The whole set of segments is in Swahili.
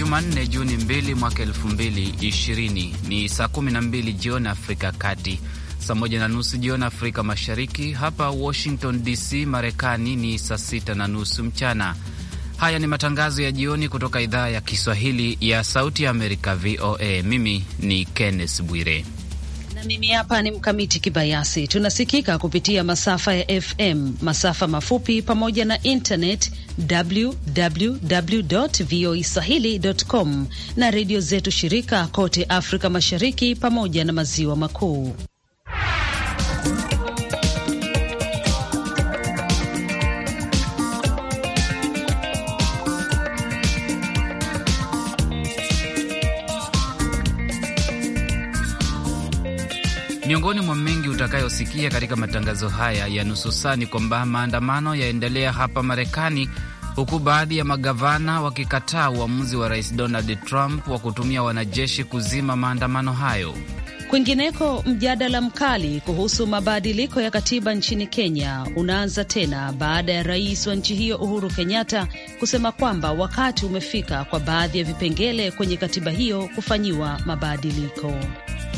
Jumanne, Juni 2 mwaka 2020. Ni saa 12 jioni Afrika Kati, saa moja na nusu jioni Afrika Mashariki. Hapa Washington DC, Marekani ni saa sita na nusu mchana. Haya ni matangazo ya jioni kutoka idhaa ya Kiswahili ya Sauti ya Amerika, VOA. Mimi ni Kenneth Bwire na mimi hapa ni Mkamiti Kibayasi. Tunasikika kupitia masafa ya FM, masafa mafupi, pamoja na internet www voa swahili.com, na redio zetu shirika kote Afrika Mashariki pamoja na Maziwa Makuu. Miongoni mwa mengi utakayosikia katika matangazo haya ya nusu saa ni kwamba maandamano yaendelea hapa Marekani, huku baadhi ya magavana wakikataa uamuzi wa rais Donald Trump wa kutumia wanajeshi kuzima maandamano hayo. Kwingineko, mjadala mkali kuhusu mabadiliko ya katiba nchini Kenya unaanza tena baada ya rais wa nchi hiyo Uhuru Kenyatta kusema kwamba wakati umefika kwa baadhi ya vipengele kwenye katiba hiyo kufanyiwa mabadiliko.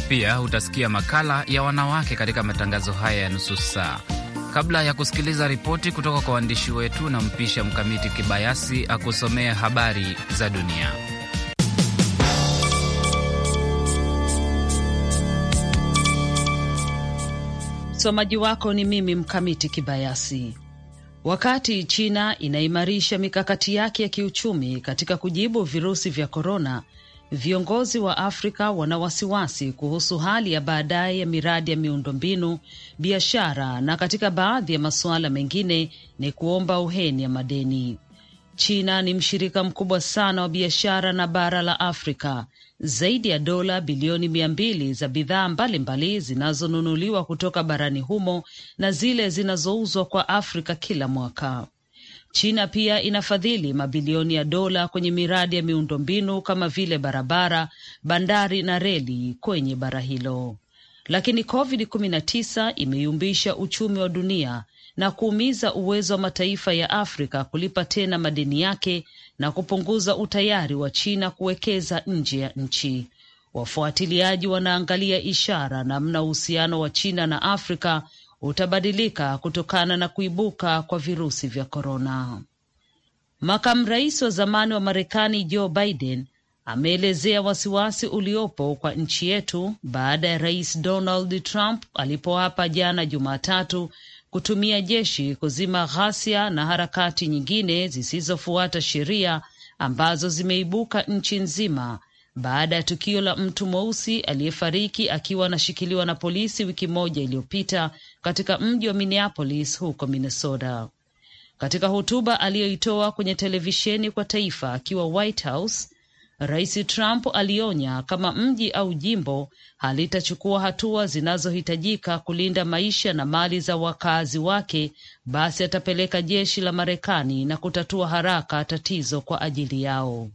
Pia utasikia makala ya wanawake katika matangazo haya ya nusu saa. Kabla ya kusikiliza ripoti kutoka kwa waandishi wetu, na mpisha Mkamiti Kibayasi akusomea habari za dunia. Msomaji wako ni mimi Mkamiti Kibayasi. Wakati China inaimarisha mikakati yake ya kiuchumi katika kujibu virusi vya korona, Viongozi wa Afrika wana wasiwasi kuhusu hali ya baadaye ya miradi ya miundombinu, biashara na katika baadhi ya masuala mengine ni kuomba uheni ya madeni. China ni mshirika mkubwa sana wa biashara na bara la Afrika. Zaidi ya dola bilioni mia mbili za bidhaa mbalimbali zinazonunuliwa kutoka barani humo na zile zinazouzwa kwa Afrika kila mwaka. China pia inafadhili mabilioni ya dola kwenye miradi ya miundombinu kama vile barabara, bandari na reli kwenye bara hilo. Lakini COVID-19 imeyumbisha uchumi wa dunia na kuumiza uwezo wa mataifa ya Afrika kulipa tena madeni yake na kupunguza utayari wa China kuwekeza nje ya nchi. Wafuatiliaji wanaangalia ishara namna uhusiano wa China na Afrika utabadilika kutokana na kuibuka kwa virusi vya korona. Makamu rais wa zamani wa Marekani Joe Biden ameelezea wasiwasi uliopo kwa nchi yetu baada ya rais Donald Trump alipoapa jana Jumatatu kutumia jeshi kuzima ghasia na harakati nyingine zisizofuata sheria ambazo zimeibuka nchi nzima baada ya tukio la mtu mweusi aliyefariki akiwa anashikiliwa na polisi wiki moja iliyopita katika mji wa Minneapolis huko Minnesota. Katika hotuba aliyoitoa kwenye televisheni kwa taifa akiwa White House, Rais Trump alionya kama mji au jimbo halitachukua hatua zinazohitajika kulinda maisha na mali za wakazi wake, basi atapeleka jeshi la Marekani na kutatua haraka tatizo kwa ajili yao.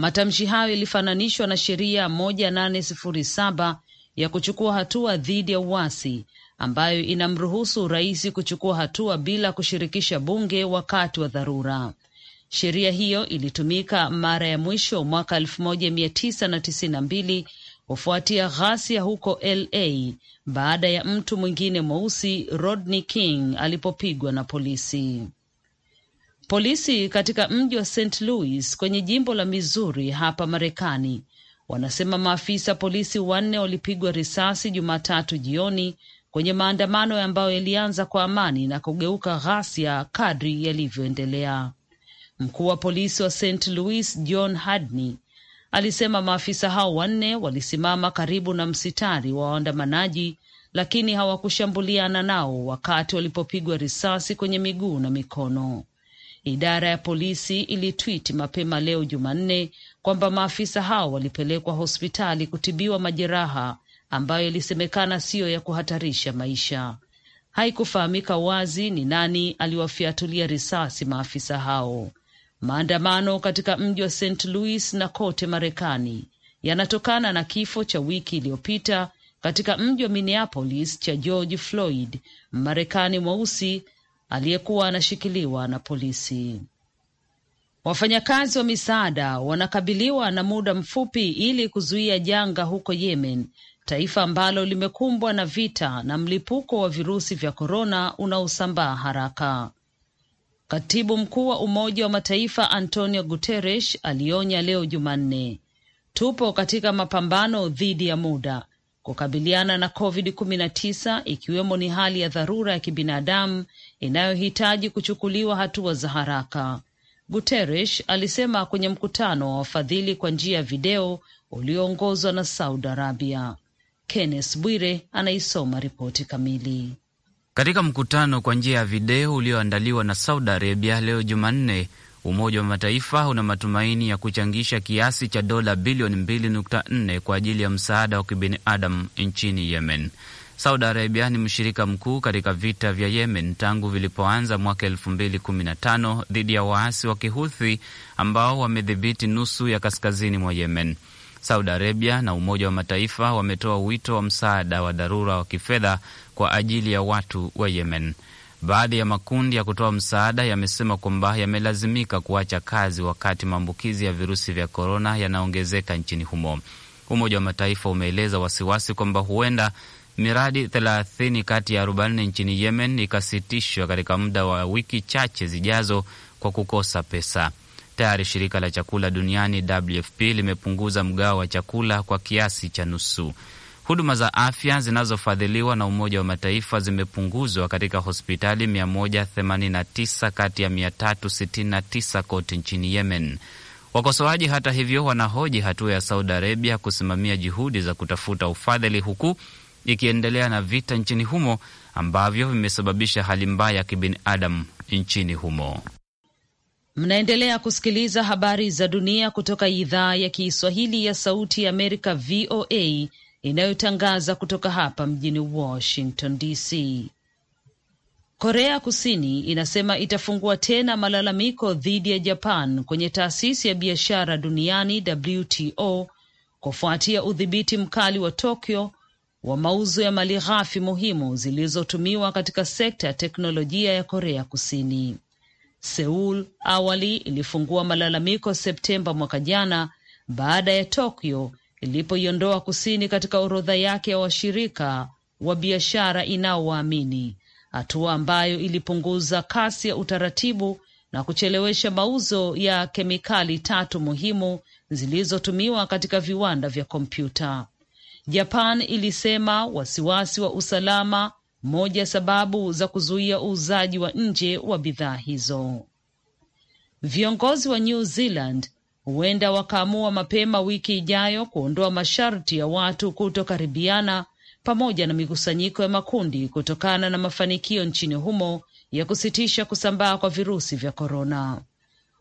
Matamshi hayo yalifananishwa na sheria saba ya kuchukua hatua dhidi ya uasi ambayo inamruhusu rais kuchukua hatua bila kushirikisha bunge wakati wa dharura. Sheria hiyo ilitumika mara ya mwisho mwaka 1992 kufuatia ghasia huko LA baada ya mtu mwingine mweusi Rodney King alipopigwa na polisi. Polisi katika mji wa St. Louis kwenye jimbo la Missouri hapa Marekani wanasema maafisa polisi wanne walipigwa risasi Jumatatu jioni kwenye maandamano ambayo yalianza kwa amani na kugeuka ghasia kadri yalivyoendelea. Mkuu wa polisi wa St. Louis John Hadney alisema maafisa hao wanne walisimama karibu na msitari wa waandamanaji, lakini hawakushambuliana nao wakati walipopigwa risasi kwenye miguu na mikono. Idara ya polisi ilitwit mapema leo Jumanne kwamba maafisa hao walipelekwa hospitali kutibiwa majeraha ambayo ilisemekana siyo ya kuhatarisha maisha. Haikufahamika wazi ni nani aliwafiatulia risasi maafisa hao. Maandamano katika mji wa St Louis na kote Marekani yanatokana na kifo cha wiki iliyopita katika mji wa Minneapolis cha George Floyd, Mmarekani mweusi aliyekuwa anashikiliwa na polisi. Wafanyakazi wa misaada wanakabiliwa na muda mfupi ili kuzuia janga huko Yemen, taifa ambalo limekumbwa na vita na mlipuko wa virusi vya korona unaosambaa haraka. Katibu mkuu wa Umoja wa Mataifa Antonio Guterres alionya leo Jumanne, tupo katika mapambano dhidi ya muda kukabiliana na COVID-19 ikiwemo ni hali ya dharura ya kibinadamu inayohitaji kuchukuliwa hatua za haraka. Guterres alisema kwenye mkutano wa wafadhili kwa njia ya video ulioongozwa na Saudi Arabia. Kenneth Bwire anaisoma ripoti kamili. Katika mkutano kwa njia ya video ulioandaliwa na Saudi Arabia leo Jumanne, Umoja wa Mataifa una matumaini ya kuchangisha kiasi cha dola bilioni 2.4 kwa ajili ya msaada wa kibinadamu nchini Yemen. Saudi Arabia ni mshirika mkuu katika vita vya Yemen tangu vilipoanza mwaka 2015 dhidi ya waasi wa Kihuthi ambao wamedhibiti nusu ya kaskazini mwa Yemen. Saudi Arabia na Umoja wa Mataifa wametoa wito wa msaada wa dharura wa kifedha kwa ajili ya watu wa Yemen. Baadhi ya makundi ya kutoa msaada yamesema kwamba yamelazimika kuacha kazi wakati maambukizi ya virusi vya korona yanaongezeka nchini humo. Umoja wa Mataifa umeeleza wasiwasi kwamba huenda miradi 30 kati ya 40 nchini Yemen ikasitishwa katika muda wa wiki chache zijazo kwa kukosa pesa. Tayari shirika la chakula duniani WFP limepunguza mgao wa chakula kwa kiasi cha nusu. Huduma za afya zinazofadhiliwa na Umoja wa Mataifa zimepunguzwa katika hospitali 189 kati ya 369 kote nchini Yemen. Wakosoaji hata hivyo, wanahoji hatua ya Saudi Arabia kusimamia juhudi za kutafuta ufadhili huku ikiendelea na vita nchini humo ambavyo vimesababisha hali mbaya ya kibinadamu nchini humo. Mnaendelea kusikiliza habari za dunia kutoka idhaa ya Kiswahili ya Sauti ya Amerika, VOA inayotangaza kutoka hapa mjini Washington DC. Korea Kusini inasema itafungua tena malalamiko dhidi ya Japan kwenye taasisi ya biashara duniani WTO kufuatia udhibiti mkali wa Tokyo wa mauzo ya mali ghafi muhimu zilizotumiwa katika sekta ya teknolojia ya Korea Kusini. Seul awali ilifungua malalamiko Septemba mwaka jana baada ya Tokyo ilipoiondoa Kusini katika orodha yake ya wa washirika wa biashara inaowaamini, hatua ambayo ilipunguza kasi ya utaratibu na kuchelewesha mauzo ya kemikali tatu muhimu zilizotumiwa katika viwanda vya kompyuta. Japan ilisema wasiwasi wa usalama moja sababu za kuzuia uuzaji wa nje wa bidhaa hizo. Viongozi wa New Zealand huenda wakaamua mapema wiki ijayo kuondoa masharti ya watu kutokaribiana pamoja na mikusanyiko ya makundi kutokana na mafanikio nchini humo ya kusitisha kusambaa kwa virusi vya korona.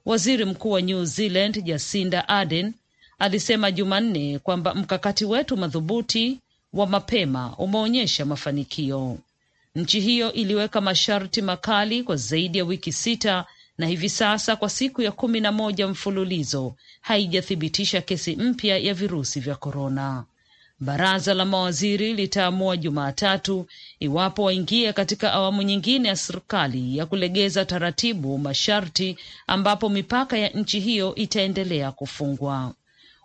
Waziri Mkuu wa New Zealand Jacinda Ardern alisema Jumanne kwamba mkakati wetu madhubuti wa mapema umeonyesha mafanikio. Nchi hiyo iliweka masharti makali kwa zaidi ya wiki sita na hivi sasa kwa siku ya kumi na moja mfululizo haijathibitisha kesi mpya ya virusi vya korona. Baraza la mawaziri litaamua Jumatatu iwapo waingie katika awamu nyingine ya serikali ya kulegeza taratibu masharti, ambapo mipaka ya nchi hiyo itaendelea kufungwa.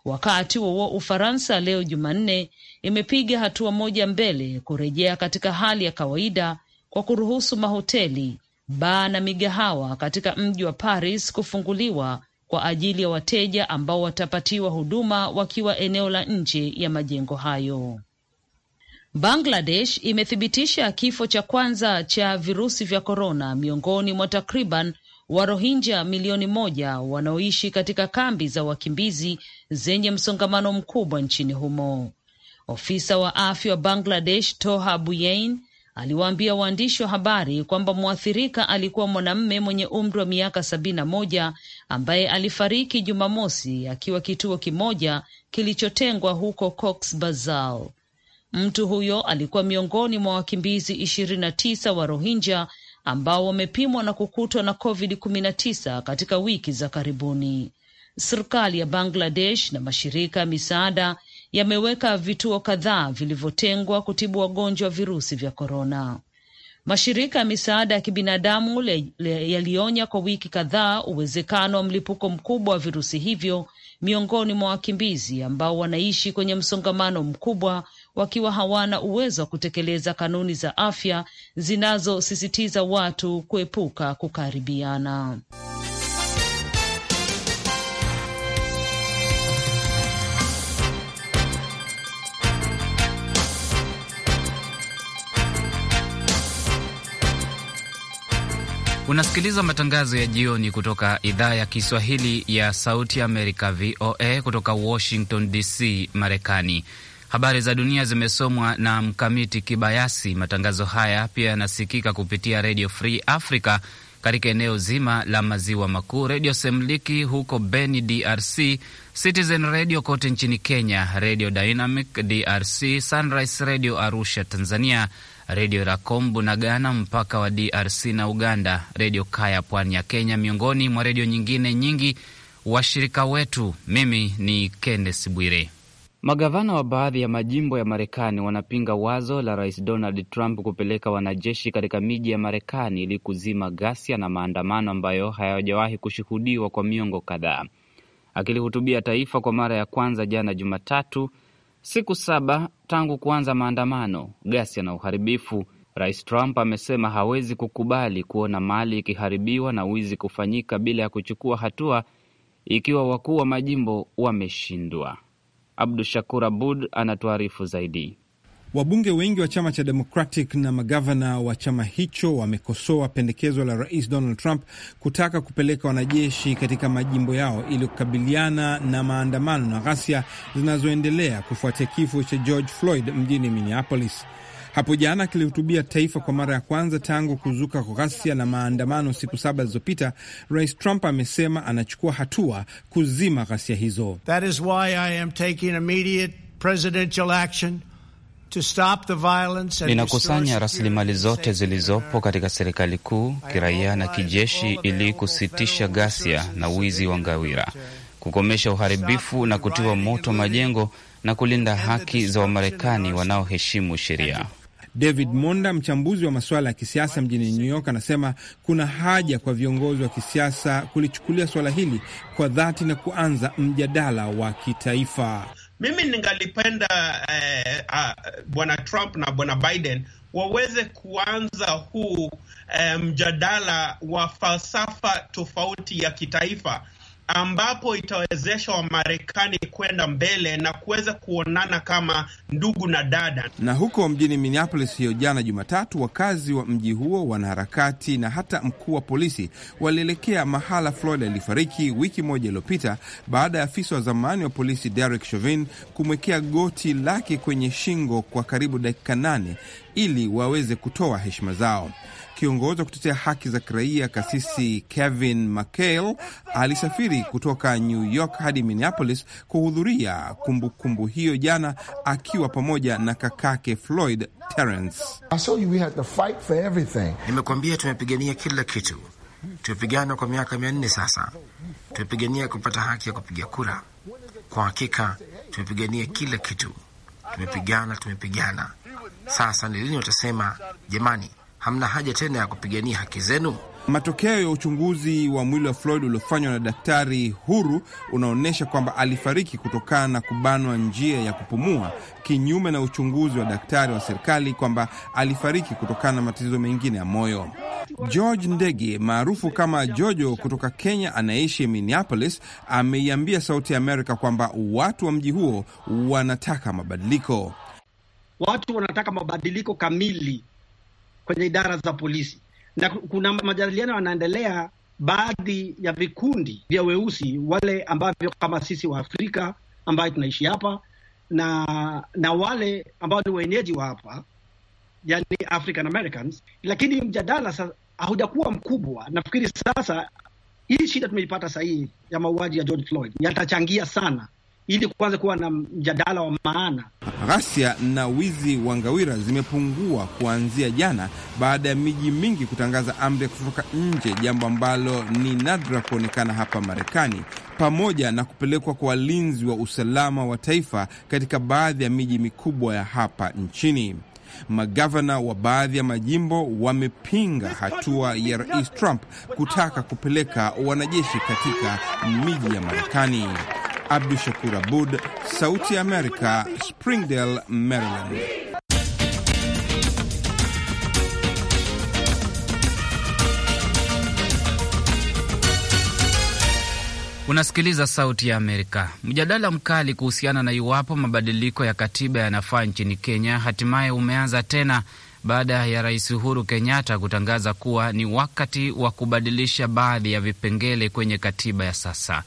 Wakati wowo Ufaransa leo Jumanne imepiga hatua moja mbele kurejea katika hali ya kawaida kwa kuruhusu mahoteli baa na migahawa katika mji wa Paris kufunguliwa kwa ajili ya wateja ambao watapatiwa huduma wakiwa eneo la nje ya majengo hayo. Bangladesh imethibitisha kifo cha kwanza cha virusi vya korona miongoni mwa takriban wa rohinja milioni moja wanaoishi katika kambi za wakimbizi zenye msongamano mkubwa nchini humo. Ofisa wa afya wa Bangladesh Toha Buyein aliwaambia waandishi wa habari kwamba mwathirika alikuwa mwanamume mwenye umri wa miaka sabini na moja ambaye alifariki Jumamosi akiwa kituo kimoja kilichotengwa huko Cox Bazar. Mtu huyo alikuwa miongoni mwa wakimbizi ishirini na tisa wa Rohingya ambao wamepimwa na kukutwa na COVID-19 katika wiki za karibuni. Serikali ya Bangladesh na mashirika ya misaada yameweka vituo kadhaa vilivyotengwa kutibu wagonjwa virusi vya korona. Mashirika ya misaada ya kibinadamu yalionya kwa wiki kadhaa uwezekano wa mlipuko mkubwa wa virusi hivyo miongoni mwa wakimbizi ambao wanaishi kwenye msongamano mkubwa wakiwa hawana uwezo wa kutekeleza kanuni za afya zinazosisitiza watu kuepuka kukaribiana. Unasikiliza matangazo ya jioni kutoka idhaa ya Kiswahili ya Sauti Amerika, VOA, kutoka Washington DC, Marekani. Habari za dunia zimesomwa na Mkamiti Kibayasi. Matangazo haya pia yanasikika kupitia Redio Free Africa katika eneo zima la maziwa makuu, Redio Semliki huko Beni, DRC, Citizen Radio kote nchini Kenya, Redio Dynamic DRC, Sunrise Radio Arusha, Tanzania, Redio Rakombu na Ghana, mpaka wa DRC na Uganda, Redio Kaya pwani ya Kenya, miongoni mwa redio nyingine nyingi washirika wetu. Mimi ni Kennes Bwire. Magavana wa baadhi ya majimbo ya Marekani wanapinga wazo la Rais Donald Trump kupeleka wanajeshi katika miji ya Marekani ili kuzima ghasia na maandamano ambayo hayajawahi kushuhudiwa kwa miongo kadhaa. Akilihutubia taifa kwa mara ya kwanza jana Jumatatu, Siku saba tangu kuanza maandamano, ghasia na uharibifu, Rais Trump amesema hawezi kukubali kuona mali ikiharibiwa na wizi kufanyika bila ya kuchukua hatua ikiwa wakuu wa majimbo wameshindwa. Abdu Shakur Abud anatuarifu zaidi. Wabunge wengi wa chama cha Democratic na magavana wa chama hicho wamekosoa pendekezo la Rais Donald Trump kutaka kupeleka wanajeshi katika majimbo yao ili kukabiliana na maandamano na ghasia zinazoendelea kufuatia kifo cha George Floyd mjini Minneapolis. Hapo jana akilihutubia taifa kwa mara ya kwanza tangu kuzuka kwa ghasia na maandamano siku saba zilizopita, Rais Trump amesema anachukua hatua kuzima ghasia hizo. That is why I am taking immediate presidential action Ninakusanya rasilimali zote zilizopo katika serikali kuu, kiraia na kijeshi, ili kusitisha ghasia na wizi wa ngawira, kukomesha uharibifu na kutiwa moto majengo na kulinda haki za Wamarekani wanaoheshimu sheria. David Monda, mchambuzi wa masuala ya kisiasa mjini New York, anasema kuna haja kwa viongozi wa kisiasa kulichukulia suala hili kwa dhati na kuanza mjadala wa kitaifa. Mimi ningalipenda eh, ah, bwana Trump na bwana Biden waweze kuanza huu eh, mjadala wa falsafa tofauti ya kitaifa ambapo itawezesha Wamarekani kwenda mbele na kuweza kuonana kama ndugu na dada. Na huko mjini Minneapolis hiyo jana Jumatatu, wakazi wa mji huo, wanaharakati na hata mkuu wa polisi walielekea mahala Floyd alifariki wiki moja iliyopita baada ya afisa wa zamani wa polisi Derek Chauvin kumwekea goti lake kwenye shingo kwa karibu dakika nane ili waweze kutoa heshima zao. Kiongozi wa kutetea haki za kiraia Kasisi Kevin McCall alisafiri kutoka New York hadi Minneapolis kuhudhuria kumbukumbu hiyo jana, akiwa pamoja na kakake Floyd Terence. Nimekuambia tumepigania kila kitu, tumepigana kwa miaka mia nne sasa, tumepigania kupata haki ya kupiga kura. Kwa hakika tumepigania kila kitu, tumepigana, tumepigana. Sasa ni lini watasema jamani, hamna haja tena ya kupigania haki zenu? Matokeo ya uchunguzi wa mwili wa Floyd uliofanywa na daktari huru unaonyesha kwamba alifariki kutokana na kubanwa njia ya kupumua, kinyume na uchunguzi wa daktari wa serikali kwamba alifariki kutokana na matatizo mengine ya moyo. George Ndege maarufu kama Jojo kutoka Kenya anayeishi Minneapolis ameiambia Sauti ya Amerika kwamba watu wa mji huo wanataka mabadiliko. Watu wanataka mabadiliko kamili kwenye idara za polisi, na kuna majadiliano yanaendelea, baadhi ya vikundi vya weusi wale ambavyo kama sisi wa Afrika ambayo tunaishi hapa na na wale ambao ni wenyeji wa hapa, yani African Americans, lakini mjadala sasa haujakuwa mkubwa. Nafikiri sasa hii shida tumeipata sahihi ya mauaji ya George Floyd yatachangia sana ili kuanza kuwa na mjadala wa maana Ghasia na wizi wa ngawira zimepungua kuanzia jana baada ya miji mingi kutangaza amri ya kutotoka nje, jambo ambalo ni nadra kuonekana hapa Marekani, pamoja na kupelekwa kwa walinzi wa usalama wa taifa katika baadhi ya miji mikubwa ya hapa nchini. Magavana wa baadhi ya majimbo wamepinga hatua ya Rais Trump kutaka kupeleka wanajeshi katika miji ya Marekani. Abdu Shakur Abud, Sauti ya Amerika, Springdale, Maryland. Unasikiliza Sauti ya Amerika. Mjadala mkali kuhusiana na iwapo mabadiliko ya katiba yanafaa nchini Kenya hatimaye umeanza tena baada ya Rais Uhuru Kenyatta kutangaza kuwa ni wakati wa kubadilisha baadhi ya vipengele kwenye katiba ya sasa.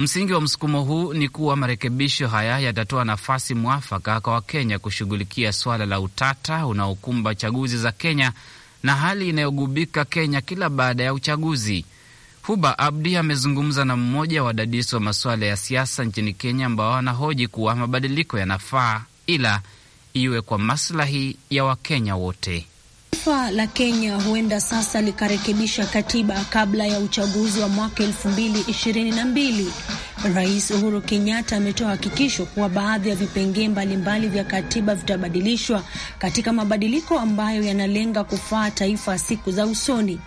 Msingi wa msukumo huu ni kuwa marekebisho haya yatatoa nafasi mwafaka kwa Wakenya kushughulikia swala la utata unaokumba chaguzi za Kenya na hali inayogubika Kenya kila baada ya uchaguzi. Huba Abdi amezungumza na mmoja wa wadadisi wa masuala ya siasa nchini Kenya ambao anahoji kuwa mabadiliko yanafaa ila iwe kwa maslahi ya Wakenya wote. Taifa la Kenya huenda sasa likarekebisha katiba kabla ya uchaguzi wa mwaka elfu mbili ishirini na mbili. Rais Uhuru Kenyatta ametoa hakikisho kuwa baadhi ya vipengee mbalimbali vya katiba vitabadilishwa katika mabadiliko ambayo yanalenga kufaa taifa siku za usoni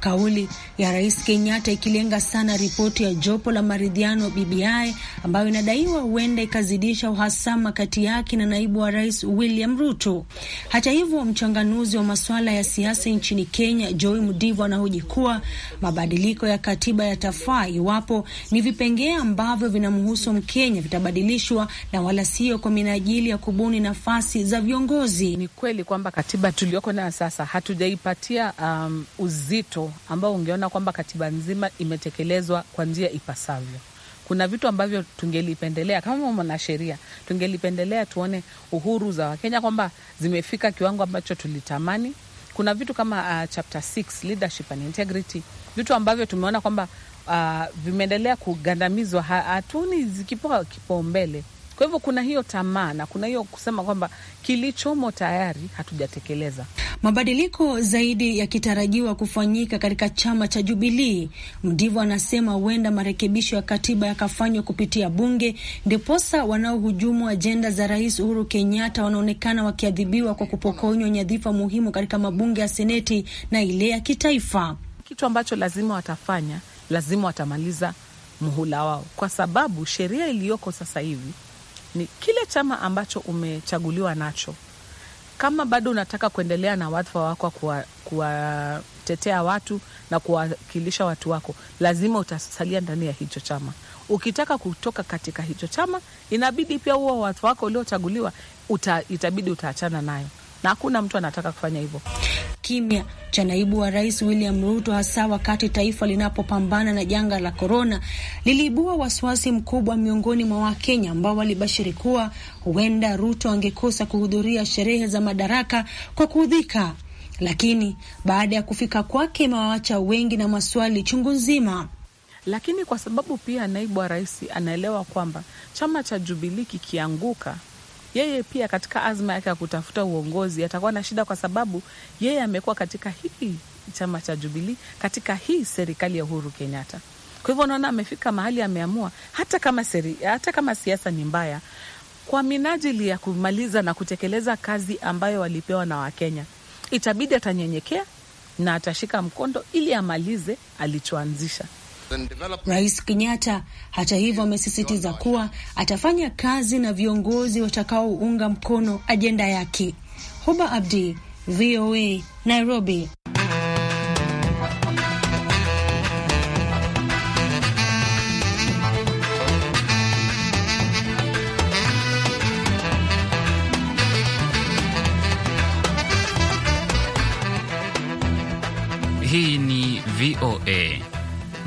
kauli ya Rais Kenyatta ikilenga sana ripoti ya jopo la maridhiano BBI ambayo inadaiwa huenda ikazidisha uhasama kati yake na naibu wa rais William Ruto. Hata hivyo, mchanganuzi wa masuala ya siasa nchini Kenya Joy Mudivu anahoji kuwa mabadiliko ya katiba yatafaa iwapo ni vipengee ambavyo vinamhusu Mkenya vitabadilishwa na wala sio kwa minajili ya kubuni nafasi za viongozi. Ni kweli kwamba katiba tuliyoko nayo sasa hatujaipatia um, uzito ambao ungeona kwamba katiba nzima imetekelezwa kwa njia ipasavyo. Kuna vitu ambavyo tungelipendelea kama mwanasheria, tungelipendelea tuone uhuru za Wakenya kwamba zimefika kiwango ambacho tulitamani. Kuna vitu kama uh, chapter 6 leadership and integrity, vitu ambavyo tumeona kwamba uh, vimeendelea kugandamizwa, hatuni zikipewa kipaumbele. Kwa hivyo kuna hiyo tamaa na kuna hiyo kusema kwamba kilichomo tayari hatujatekeleza. Mabadiliko zaidi yakitarajiwa kufanyika katika chama cha Jubilii. Mdivu anasema huenda marekebisho ya katiba yakafanywa kupitia bunge, ndiposa wanaohujumu ajenda za Rais Uhuru Kenyatta wanaonekana wakiadhibiwa kwa kupokonywa nyadhifa muhimu katika mabunge ya Seneti na ile ya kitaifa. Kitu ambacho lazima watafanya, lazima watamaliza muhula wao, kwa sababu sheria iliyoko sasa hivi ni kile chama ambacho umechaguliwa nacho. Kama bado unataka kuendelea na wadhifa wako kuwatetea watu na kuwakilisha watu wako, lazima utasalia ndani ya hicho chama. Ukitaka kutoka katika hicho chama, inabidi pia huo wadhifa wako uliochaguliwa uta, itabidi utaachana nayo na hakuna mtu anataka kufanya hivyo. Kimya cha naibu wa rais William Ruto, hasa wakati taifa linapopambana na janga la korona, liliibua wasiwasi mkubwa miongoni mwa Wakenya ambao walibashiri kuwa huenda Ruto angekosa kuhudhuria sherehe za madaraka kwa kuudhika, lakini baada ya kufika kwake imewaacha wengi na maswali chungu nzima lakini kwa sababu pia naibu wa rais anaelewa kwamba chama cha Jubilii kikianguka yeye pia katika azma yake ya kutafuta uongozi atakuwa na shida, kwa sababu yeye amekuwa katika hii chama cha Jubilii, katika hii serikali ya Uhuru Kenyatta. Kwa hivyo naona amefika mahali ameamua, hata kama seri, hata kama siasa ni mbaya, kwa minajili ya kumaliza na kutekeleza kazi ambayo walipewa na Wakenya, itabidi atanyenyekea na atashika mkondo ili amalize alichoanzisha. Rais Kenyatta hata hivyo amesisitiza kuwa atafanya kazi na viongozi watakaounga mkono ajenda yake. Huba Abdi, VOA, Nairobi. Hii ni VOA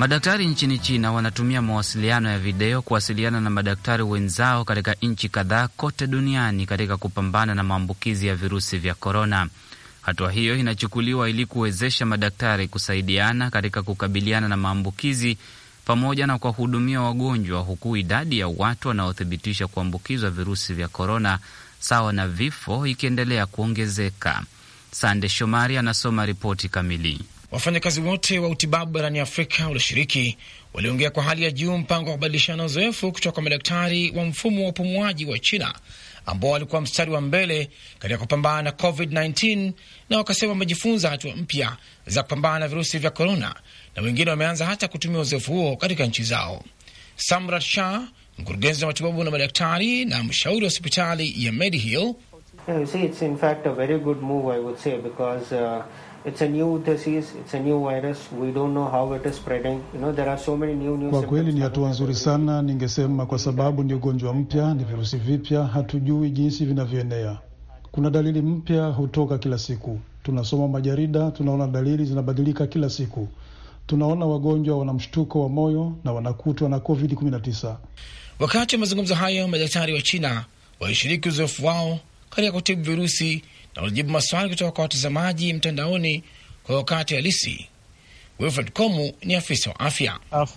Madaktari nchini China wanatumia mawasiliano ya video kuwasiliana na madaktari wenzao katika nchi kadhaa kote duniani katika kupambana na maambukizi ya virusi vya korona. Hatua hiyo inachukuliwa ili kuwezesha madaktari kusaidiana katika kukabiliana na maambukizi pamoja na kuwahudumia wagonjwa, huku idadi ya watu wanaothibitisha kuambukizwa virusi vya korona sawa na vifo ikiendelea kuongezeka. Sande Shomari anasoma ripoti kamili. Wafanyakazi wote wa utibabu barani Afrika walioshiriki waliongea kwa hali ya juu mpango wa kubadilishana uzoefu kutoka kwa madaktari wa mfumo wa upumuaji wa China ambao walikuwa mstari wa mbele katika kupambana na COVID-19 na wakasema wamejifunza hatua mpya za kupambana na virusi vya korona, na wengine wameanza hata kutumia uzoefu huo katika nchi zao. Samrat Shah, mkurugenzi wa matibabu na madaktari na mshauri wa hospitali ya Medihill, it's a new disease, it's a new virus. We don't know how it is spreading. You know, there are so many new, new kwa kweli ni hatua nzuri sana ningesema, kwa sababu ni ugonjwa mpya, ni virusi vipya, hatujui jinsi vinavyoenea. Kuna dalili mpya hutoka kila siku, tunasoma majarida, tunaona dalili zinabadilika kila siku. Tunaona wagonjwa wana mshtuko wa moyo na wanakutwa na COVID-19. Wakati wa mazungumzo hayo, madaktari wa China walishiriki uzoefu wao katika kutibu virusi na walijibu maswali kutoka kwa watazamaji mtandaoni kwa wakati halisi. Wilfred Komu ni afisa wa afya. Uh,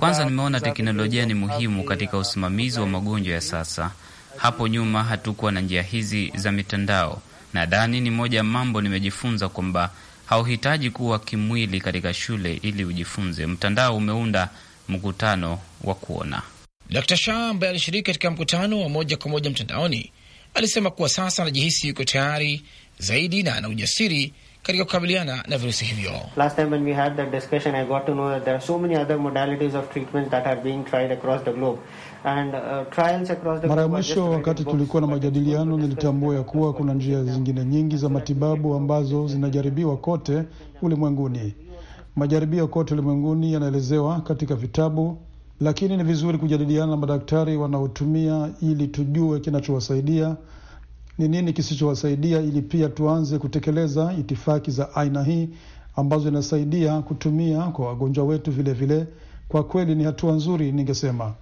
Kwanza nimeona teknolojia ni muhimu katika uh, usimamizi wa magonjwa ya sasa. Hapo nyuma hatukuwa na njia hizi za mitandao. Nadhani ni moja ya mambo nimejifunza kwamba hauhitaji kuwa kimwili katika shule ili ujifunze. Mtandao umeunda mkutano wa kuona. Dr Shah ambaye alishiriki katika mkutano wa moja kwa moja mtandaoni alisema kuwa sasa anajihisi yuko tayari zaidi na ana ujasiri katika kukabiliana na virusi hivyo. Uh, Mara ya mwisho wakati tulikuwa na majadiliano, nilitambua ya kuwa kuna njia zingine nyingi za matibabu ambazo zinajaribiwa kote ulimwenguni. Majaribio kote ulimwenguni yanaelezewa katika vitabu, lakini ni vizuri kujadiliana na madaktari wanaotumia ili tujue kinachowasaidia ni nini, kisichowasaidia, ili pia tuanze kutekeleza itifaki za aina hii ambazo inasaidia kutumia kwa wagonjwa wetu vilevile vile. Kwa kweli ni hatua nzuri, ningesema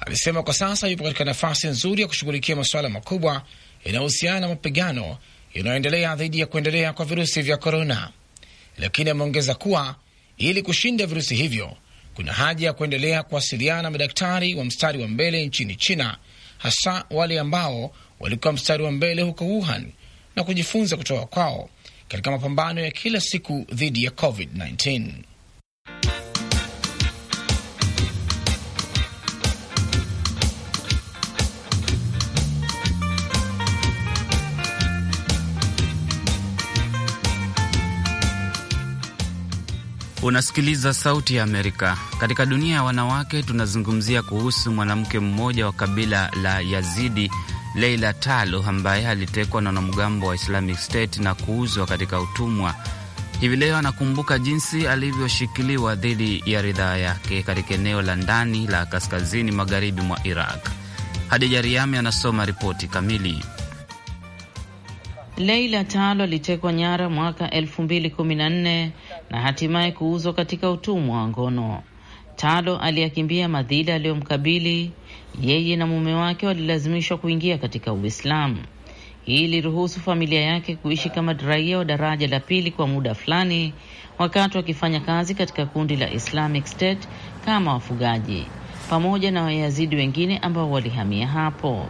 alisema. Kwa sasa yupo katika nafasi nzuri ya kushughulikia masuala makubwa yanayohusiana na mapigano yanayoendelea dhidi ya kuendelea kwa virusi vya korona, lakini ameongeza kuwa ili kushinda virusi hivyo, kuna haja ya kuendelea kuwasiliana na madaktari wa mstari wa mbele nchini China, hasa wale ambao walikuwa mstari wa mbele huko Wuhan na kujifunza kutoka kwao katika mapambano ya kila siku dhidi ya COVID-19. Unasikiliza Sauti ya Amerika. Katika dunia ya wanawake, tunazungumzia kuhusu mwanamke mmoja wa kabila la Yazidi, Leila Talo, ambaye alitekwa na wanamgambo wa Islamic State na kuuzwa katika utumwa. Hivi leo anakumbuka jinsi alivyoshikiliwa dhidi ya ridhaa yake katika eneo la ndani la kaskazini magharibi mwa Iraq. Hadija Riami anasoma ripoti kamili. Leila Talo alitekwa nyara mwaka na hatimaye kuuzwa katika utumwa wa ngono. Talo aliyakimbia madhila aliyomkabili yeye, na mume wake walilazimishwa kuingia katika Uislamu. Hii iliruhusu familia yake kuishi kama raia wa daraja la pili kwa muda fulani, wakati wakifanya kazi katika kundi la Islamic State kama wafugaji pamoja na Wayazidi wengine ambao walihamia hapo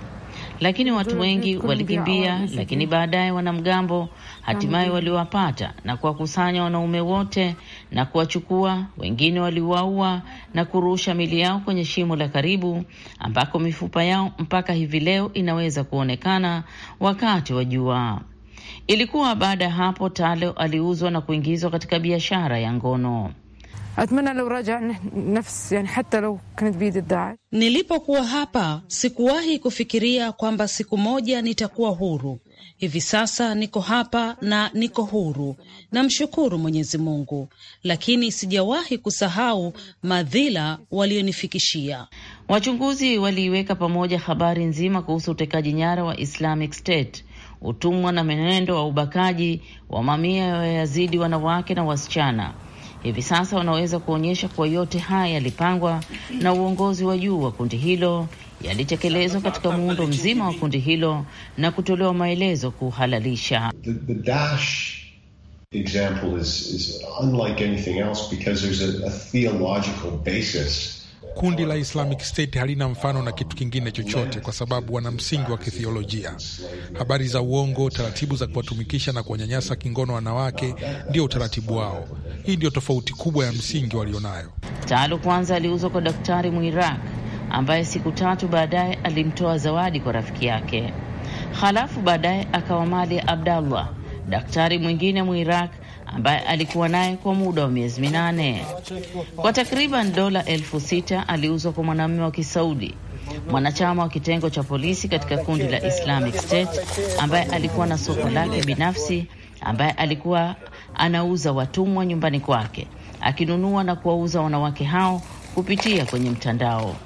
lakini watu wengi walikimbia, lakini baadaye wanamgambo hatimaye waliwapata na kuwakusanya wanaume wote na kuwachukua. Wengine waliwaua na kurusha mili yao kwenye shimo la karibu, ambako mifupa yao mpaka hivi leo inaweza kuonekana wakati wa jua. Ilikuwa baada ya hapo Talo aliuzwa na kuingizwa katika biashara ya ngono. Atmana lau raja nafsi yani hata lau kanat biyadi Daesh. Nilipokuwa hapa sikuwahi kufikiria kwamba siku moja nitakuwa huru. Hivi sasa niko hapa na niko huru, namshukuru Mwenyezi Mungu, lakini sijawahi kusahau madhila walionifikishia. Wachunguzi waliiweka pamoja habari nzima kuhusu utekaji nyara wa Islamic State, utumwa na mwenendo wa ubakaji wa mamia ya Wayazidi wanawake na wasichana hivi sasa wanaweza kuonyesha kuwa yote haya yalipangwa na uongozi wa juu wa kundi hilo, yalitekelezwa katika muundo mzima wa kundi hilo na kutolewa maelezo kuhalalisha the, the dash example is, is unlike anything else because there's a, a theological basis kundi la Islamic State halina mfano na kitu kingine chochote, kwa sababu wana msingi wa kithiolojia. Habari za uongo, taratibu za kuwatumikisha na kuwanyanyasa kingono wanawake, ndio utaratibu wao. Hii ndio tofauti kubwa ya msingi walionayo. Taalu kwanza aliuzwa kwa daktari Muiraq ambaye siku tatu baadaye alimtoa zawadi kwa rafiki yake, halafu baadaye akawa mali ya Abdallah, daktari mwingine Muiraq ambaye alikuwa naye kwa muda wa miezi minane. Kwa takriban dola elfu sita aliuzwa kwa mwanamume wa Kisaudi, mwanachama wa kitengo cha polisi katika kundi la Islamic State, ambaye alikuwa na soko lake binafsi, ambaye alikuwa anauza watumwa nyumbani kwake, akinunua na kuwauza wanawake hao kupitia kwenye mtandao.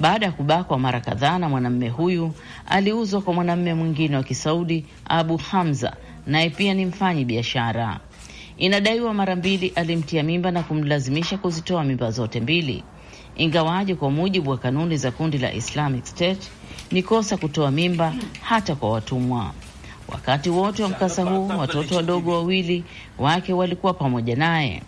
Baada ya kubakwa mara kadhaa na mwanamume huyu, aliuzwa kwa mwanamume mwingine wa Kisaudi, Abu Hamza, naye pia ni mfanyi biashara. Inadaiwa mara mbili alimtia mimba na kumlazimisha kuzitoa mimba zote mbili, ingawaje kwa mujibu wa kanuni za kundi la Islamic State ni kosa kutoa mimba hata kwa watumwa. Wakati wote wa mkasa huu, watoto wadogo wawili wake walikuwa pamoja naye.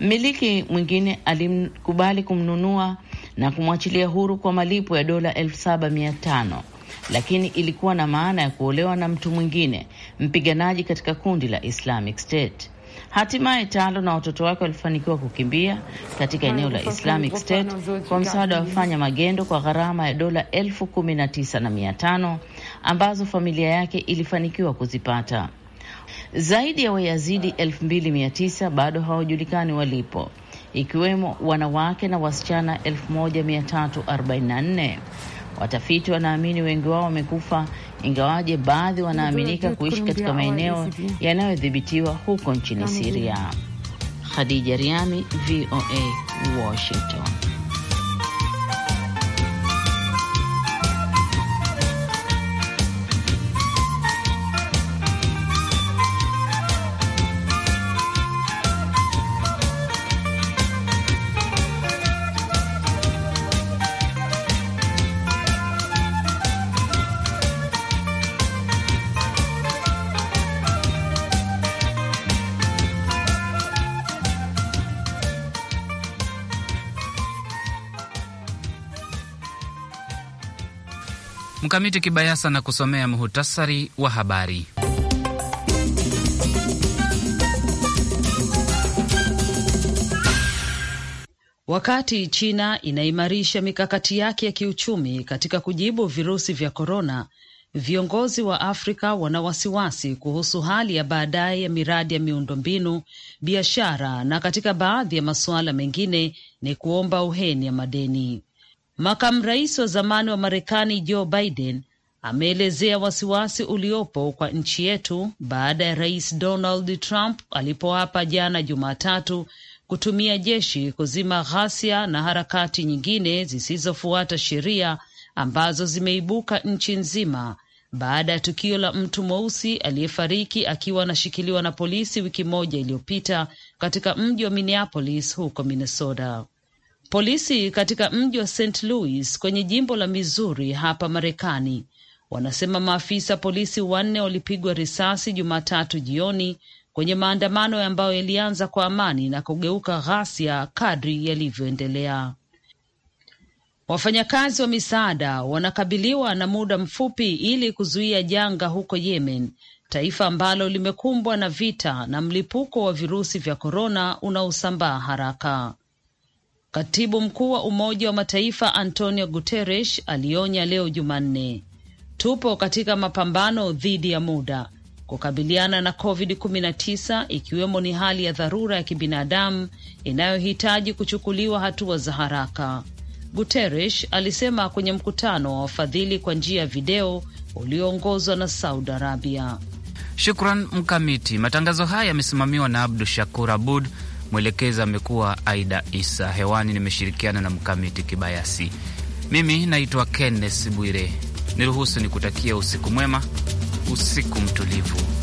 Mmiliki mwingine alimkubali kumnunua na kumwachilia huru kwa malipo ya dola elfu saba mia tano lakini ilikuwa na maana ya kuolewa na mtu mwingine mpiganaji katika kundi la Islamic State. Hatimaye Talo na watoto wake walifanikiwa kukimbia katika eneo la Islamic State kwa msaada wa fanya magendo kwa gharama ya dola elfu kumi na tisa na mia tano ambazo familia yake ilifanikiwa kuzipata. Zaidi ya Wayazidi elfu mbili mia tisa bado hawajulikani walipo, ikiwemo wanawake na wasichana nne. Watafiti wanaamini wengi wao wamekufa, ingawaje baadhi wanaaminika kuishi katika maeneo yanayodhibitiwa huko nchini Siria. Khadija Riami, VOA, Washington. Mkamiti Kibayasa na kusomea muhutasari wa habari. Wakati China inaimarisha mikakati yake ya kiuchumi katika kujibu virusi vya korona, viongozi wa Afrika wana wasiwasi kuhusu hali ya baadaye ya miradi ya miundombinu, biashara na katika baadhi ya masuala mengine ni kuomba uheni ya madeni. Makamu rais wa zamani wa Marekani Joe Biden ameelezea wasiwasi uliopo kwa nchi yetu baada ya rais Donald Trump alipoapa jana Jumatatu kutumia jeshi kuzima ghasia na harakati nyingine zisizofuata sheria ambazo zimeibuka nchi nzima baada ya tukio la mtu mweusi aliyefariki akiwa anashikiliwa na polisi wiki moja iliyopita katika mji wa Minneapolis huko Minnesota. Polisi katika mji wa St. Louis kwenye jimbo la Missouri hapa Marekani wanasema maafisa polisi wanne walipigwa risasi Jumatatu jioni kwenye maandamano ambayo yalianza kwa amani na kugeuka ghasia kadri yalivyoendelea. Wafanyakazi wa misaada wanakabiliwa na muda mfupi ili kuzuia janga huko Yemen, taifa ambalo limekumbwa na vita na mlipuko wa virusi vya korona unaosambaa haraka. Katibu mkuu wa Umoja wa Mataifa Antonio Guterres alionya leo Jumanne, tupo katika mapambano dhidi ya muda kukabiliana na COVID-19 ikiwemo ni hali ya dharura ya kibinadamu inayohitaji kuchukuliwa hatua za haraka. Guterres alisema kwenye mkutano wa wafadhili kwa njia ya video ulioongozwa na Saudi Arabia. Shukran Mkamiti. Matangazo haya yamesimamiwa na Abdu Shakur Abud. Mwelekezi amekuwa Aida Isa. Hewani nimeshirikiana na Mkamiti Kibayasi. Mimi naitwa Kenneth Bwire. Niruhusu kutakia usiku mwema, usiku mtulivu.